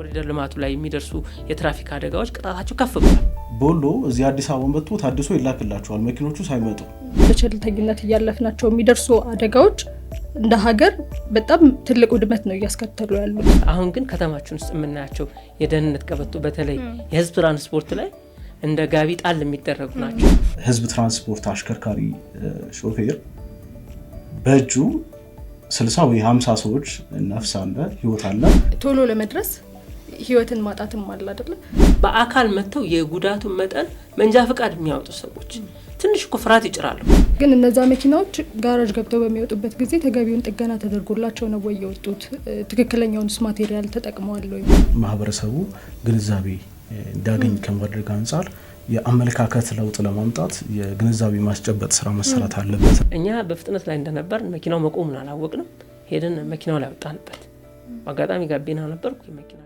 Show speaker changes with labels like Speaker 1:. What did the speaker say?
Speaker 1: ኮሪደር ልማቱ ላይ የሚደርሱ የትራፊክ አደጋዎች ቅጣታቸው ከፍ ብሏል።
Speaker 2: ቦሎ እዚህ አዲስ አበባ መጥቶ ታድሶ ይላክላቸዋል። መኪኖቹ ሳይመጡ
Speaker 3: በቸልተኝነት እያለፍናቸው የሚደርሱ አደጋዎች እንደ ሀገር በጣም ትልቅ ውድመት ነው እያስከተሉ ያሉ።
Speaker 1: አሁን ግን ከተማችን ውስጥ የምናያቸው የደህንነት ቀበቶ በተለይ የህዝብ ትራንስፖርት ላይ እንደ ጋቢ ጣል የሚደረጉ ናቸው።
Speaker 2: ህዝብ ትራንስፖርት አሽከርካሪ ሾፌር በእጁ ስልሳ ወይ ሀምሳ ሰዎች ነፍስ አለ፣ ህይወት አለ።
Speaker 3: ቶሎ ለመድረስ ህይወትን ማጣትም አለ አደለ?
Speaker 1: በአካል መጥተው የጉዳቱን መጠን መንጃ ፈቃድ የሚያወጡ ሰዎች ትንሽ እኮ ፍርሃት ይጭራሉ።
Speaker 3: ግን እነዛ መኪናዎች ጋራጅ ገብተው በሚወጡበት ጊዜ ተገቢውን ጥገና ተደርጎላቸው ነው ወይ የወጡት? ትክክለኛውንስ ማቴሪያል ተጠቅመዋል ወይ?
Speaker 2: ማህበረሰቡ ግንዛቤ እንዲያገኝ ከማድረግ አንጻር የአመለካከት ለውጥ ለማምጣት የግንዛቤ ማስጨበጥ ስራ መሰራት አለበት።
Speaker 1: እኛ በፍጥነት ላይ እንደነበር መኪናው መቆሙን አላወቅንም። ሄደን መኪናው ላይ ወጣንበት። በአጋጣሚ ጋቢና ነበርኩ መኪና